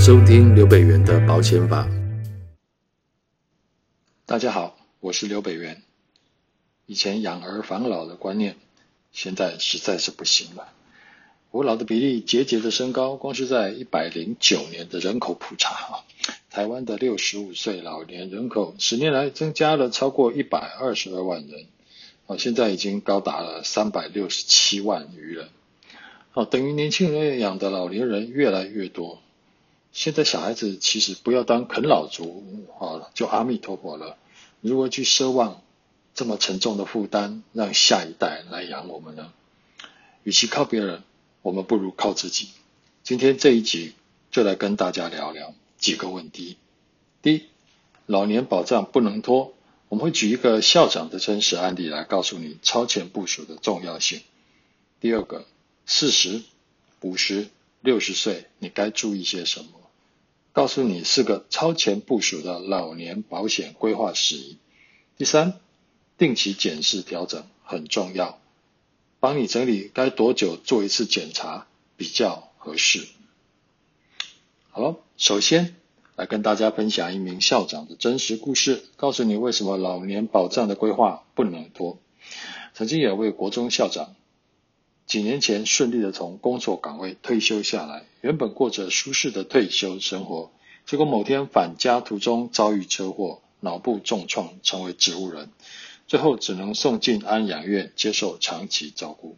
收聽劉北元的保險法。大家好，我是劉北元。以前養兒防老的觀念，現在實在是不行了。扶老的比例節節的升高，光是在一百零九年的人口普查，啊、台灣的六十五歲老年人口，十年來增加了超過一百二十二萬人，啊，現在已經高達了三百六十七萬餘人，哦、啊，等於年輕人養的老年人越來越多。現在小孩子其實不要當啃老族啊，就阿彌陀佛了。如何去奢望這麼沉重的負擔讓下一代來養我們呢？與其靠別人，我們不如靠自己。今天這一集就來跟大家聊聊幾個問題。第一，老年保障不能拖。我們會舉一個校長的真實案例來告訴你超前部署的重要性。第二個，四十、五十、六十歲你該注意些什麼？告訴你4個超前部署的老年保險規劃事宜。第三，定期檢視調整很重要，幫你整理該多久做一次檢查比較合適。好，首先來跟大家分享一名校長的真實故事，告訴你為什麼老年保障的規劃不能拖。曾經有位國中校長。幾年前順利地從工作崗位退休下來，原本過着舒適的退休生活。結果某天返家途中遭遇車禍，腦部重創，成為植物人，最後只能送進安養院接受長期照顧。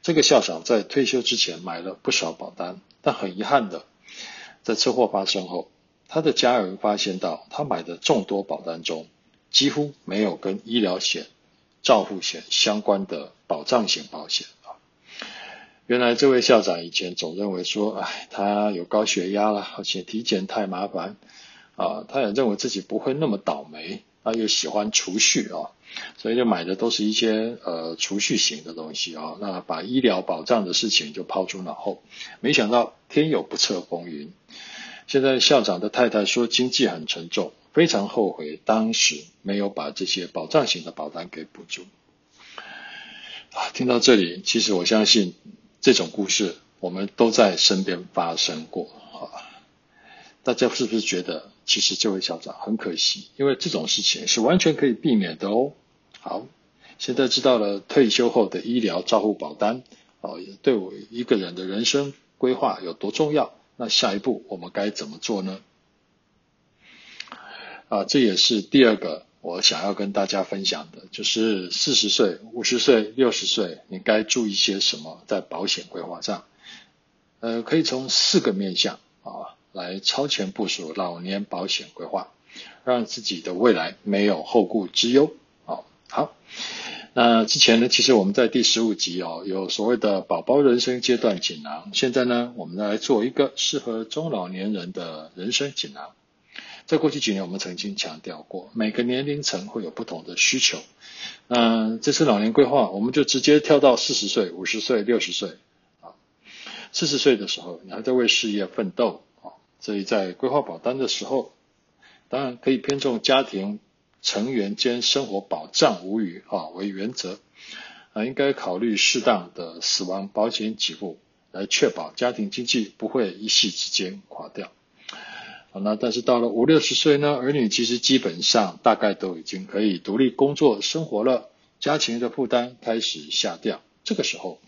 這個校長在退休之前買了不少保單，但很遺憾的，在車禍發生後，他的家人發現到他買的眾多保單中，幾乎沒有跟醫療險、照護險相關的保障型保險。原來這位校長以前總認為說，唉，他有高血壓啦，而且體檢太麻煩啊，他也認為自己不會那麼倒霉，他又喜歡儲蓄啊、哦，所以就買的都是一些呃儲蓄型的東西啊、哦。那把醫療保障的事情就拋諸腦後。沒想到天有不測風雲，現在校長的太太說經濟很沉重，非常後悔當時沒有把這些保障型的保單給補足。啊，聽到這裡，其實我相信。這種故事我們都在身邊發生過啊！大家是不是覺得其實這位校長很可惜？因為這種事情是完全可以避免的哦。好，現在知道了退休後的醫療照護保單啊，哦，對我一個人的人生規劃有多重要？那下一步我們該怎麼做呢？啊，這也是第二個。我想要跟大家分享的就是四十歲、五十歲、六十歲，你該注意些什麼在保險規劃上？呃，可以從四個面向啊來超前部署老年保險規劃，讓自己的未來沒有後顧之憂。哦，好。那之前呢，其實我們在第十五集哦，有所謂的寶寶人生階段錦囊。現在呢，我們來做一個適合中老年人的人生錦囊。在過去幾年，我們曾經強調過，每個年齡層會有不同的需求。嗯，這次老年規劃，我們就直接跳到四十歲、五十歲、六十歲。啊，四十歲的時候，你還在為事業奮鬥，啊，所以在規劃保單的時候，當然可以偏重家庭成員間生活保障無，無虞啊為原則。啊，應該考慮適當的死亡保險給付，來確保家庭經濟不會一夕之間垮掉。好，那但是到了五六十歲呢，兒女其實基本上大概都已經可以獨立工作生活了，家庭的負擔開始下降。這個時候，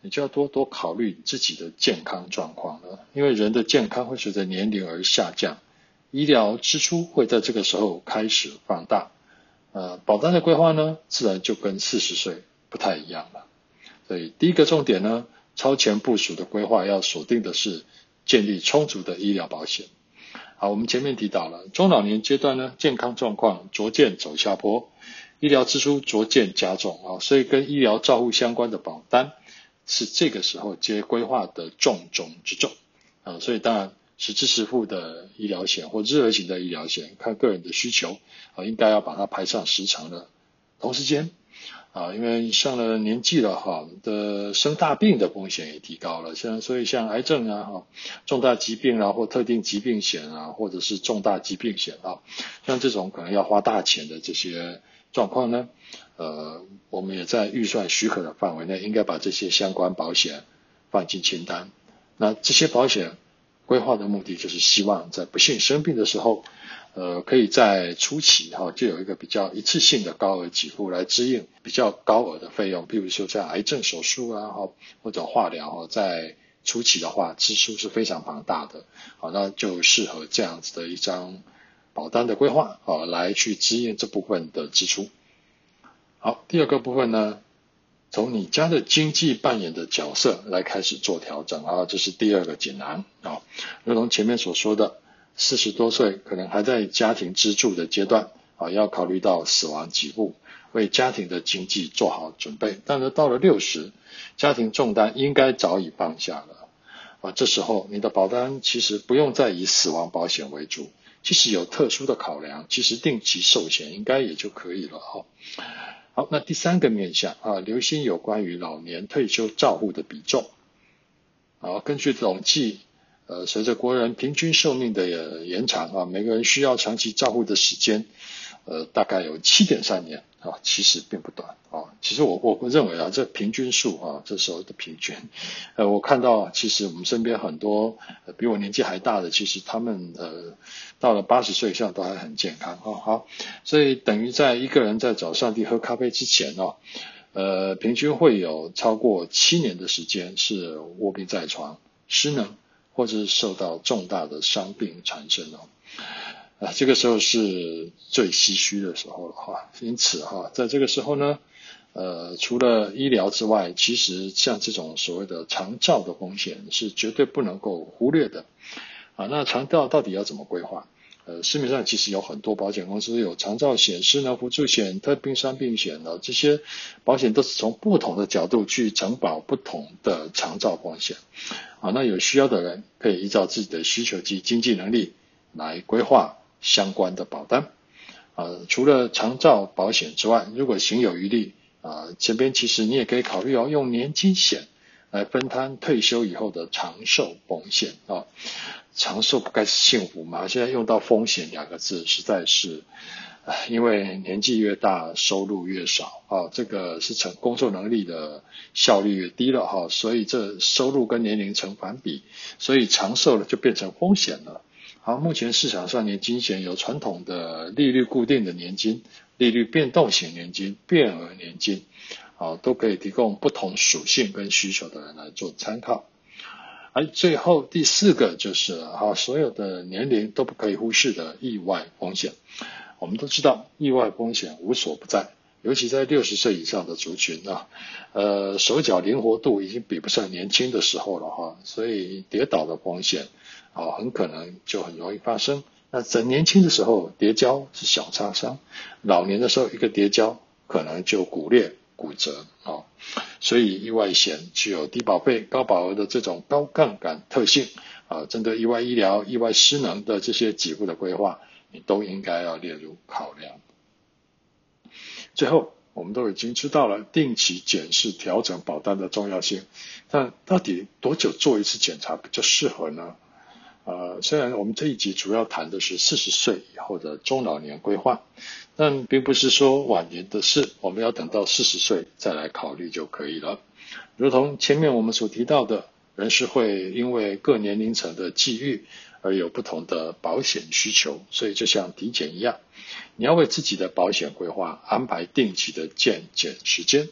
你就要多多考慮自己的健康狀況了，因為人的健康會隨着年齡而下降，醫療支出會在這個時候開始放大。呃，保單的規劃呢，自然就跟四十歲不太一樣了。所以第一個重點呢，超前部署的規劃要鎖定的是建立充足的醫療保險。好，我們前面提到了中老年階段呢，健康狀況逐漸走下坡，醫療支出逐漸加重啊，所以跟醫療照護相關的保單是這個時候接規劃的重中之重啊，所以當然實支實付的醫療險或日額型的醫療險，看個人的需求啊，應該要把它排上時長的同時間。啊，因為上了年紀了哈，的生大病的風險也提高了，像所以像癌症啊哈，啊，重大疾病啊或特定疾病險啊，或者是重大疾病險啊，像這種可能要花大錢的這些狀況呢，呃，我們也在預算許可的範圍內，應該把這些相關保險放進清單。那這些保險規劃的目的，就是希望在不幸生病的時候。呃，可以在初期哈、哦、就有一個比較一次性的高額給付來支應比較高額的費用，譬如說像癌症手術啊或者化療哈，在初期的話支出是非常龐大的，好，那就適合這樣子的一張保單的規劃啊來去支應這部分的支出。好，第二個部分呢，從你家的經濟扮演的角色來開始做調整啊，這是第二個錦囊啊、哦，那從前面所說的。四十多歲可能還在家庭支柱的階段啊，要考慮到死亡給付，為家庭的經濟做好準備。但是到了六十，家庭重擔應該早已放下了啊。這時候你的保單其實不用再以死亡保險為主，即使有特殊的考量，其實定期壽險應該也就可以了、哦、好，那第三個面向啊，留心有關於老年退休照顧的比重。好、啊，根據統計。呃，隨着國人平均壽命的、呃、延長啊，每個人需要長期照顧的時間，呃，大概有七點三年啊、哦，其實並不短啊、哦。其實我我不認為啊，這平均數啊，這時候的平均，呃，我看到其實我們身邊很多、呃、比我年紀還大的，其實他們呃，到了八十歲以上都還很健康啊、哦。好，所以等於在一個人在找上帝喝咖啡之前呢，呃，平均會有超過七年的時間是臥病在床失能，或者是受到重大的傷病產生哦，啊，這個時候是最唏噓的時候了哈。因此哈，在這個時候呢，呃，除了醫療之外，其實像這種所謂的長照的風險是絕對不能夠忽略的。啊，那長照到底要怎麼規劃？呃，市面上其實有很多保險公司有長照險、失能扶助險、特定傷病險的這些保險，都是從不同的角度去承保不同的長照風險。啊，那有需要的人可以依照自己的需求及經濟能力來規劃相關的保單。啊，除了長照保險之外，如果行有餘力，啊，這邊其實你也可以考慮哦，用年金險來分攤退休以後的長壽風險啊。長壽不該是幸福嗎？現在用到風險兩個字，實在是。因為年紀越大，收入越少啊、哦，這個是成工作能力的效率越低了哈、哦，所以這收入跟年齡成反比，所以長壽了就變成風險了。好、啊，目前市場上年金險有傳統的利率固定的年金、利率變動型年金、變額年金，啊，都可以提供不同屬性跟需求的人來做參考。而、啊、最後第四個就是，哈、啊，所有的年齡都不可以忽視的意外風險。我們都知道，意外風險無所不在，尤其在六十歲以上的族群啊，呃，手腳靈活度已經比不上年輕的時候了哈，所以跌倒的風險啊、哦，很可能就很容易發生。那在年輕的時候跌跤是小擦傷，老年的時候一個跌跤可能就骨裂骨折啊、哦，所以意外險具有低保費、高保額的這種高槓桿特性。啊，針對意外醫療、意外失能的這些疾病的規劃，你都應該要列入考量。最後，我們都已經知道了定期檢視調整保單的重要性，但到底多久做一次檢查比較適合呢？啊、呃，雖然我們這一集主要談的是四十歲以後的中老年規劃，但並不是說晚年的事，我們要等到四十歲再來考慮就可以了。如同前面我們所提到的。人是會因為各年齡層的際遇而有不同的保險需求，所以就像體檢一樣，你要為自己的保險規劃安排定期的健檢時間。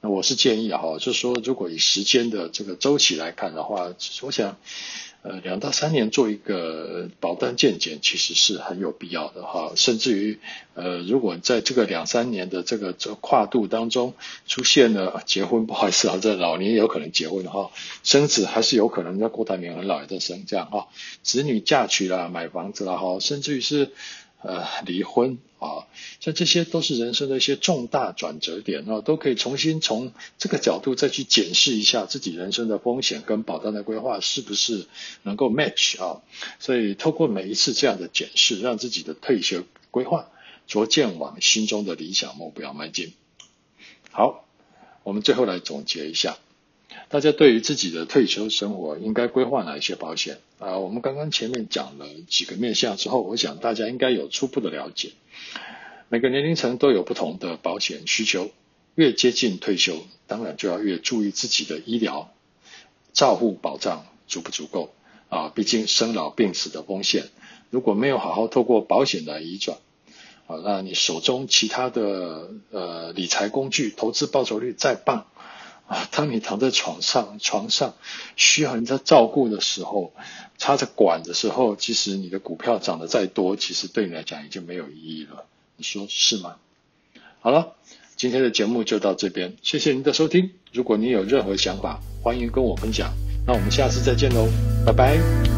那我是建議哈，就是說如果以時間的這個周期來看的話，我想。呃，兩到三年做一個保單健檢，其實是很有必要的哈。甚至於，呃，如果在這個兩三年的這個這跨度當中出現了、啊、結婚，不好意思啊，這老年也有可能結婚的哈，生子還是有可能在郭台銘很老也在生這樣哈。子女嫁娶了、買房子了哈，甚至於是。呃，離婚啊，像這些都是人生的一些重大轉折點啊，都可以重新從這個角度再去檢視一下自己人生的風險跟保單的規劃是不是能夠 match 啊。所以，透過每一次這樣的檢視，讓自己的退休規劃逐漸往心中的理想目標邁進。好，我們最後來總結一下。大家對於自己的退休生活應該規劃哪些保險啊？我們剛剛前面講了幾個面向之後，我想大家應該有初步的了解。每個年齡層都有不同的保險需求，越接近退休，當然就要越注意自己的醫療照護保障足不足夠啊？畢竟生老病死的風險，如果沒有好好透過保險來移轉，啊，那你手中其他的呃理財工具投資報酬率再棒。啊，當你躺在床上，床上需要人家照顧的時候，插着管的時候，其實你的股票漲得再多，其實對你來講已經沒有意義了。你說是嗎？好了，今天的節目就到這邊，謝謝您的收聽。如果您有任何想法，歡迎跟我分享。那我們下次再見嘍，拜拜。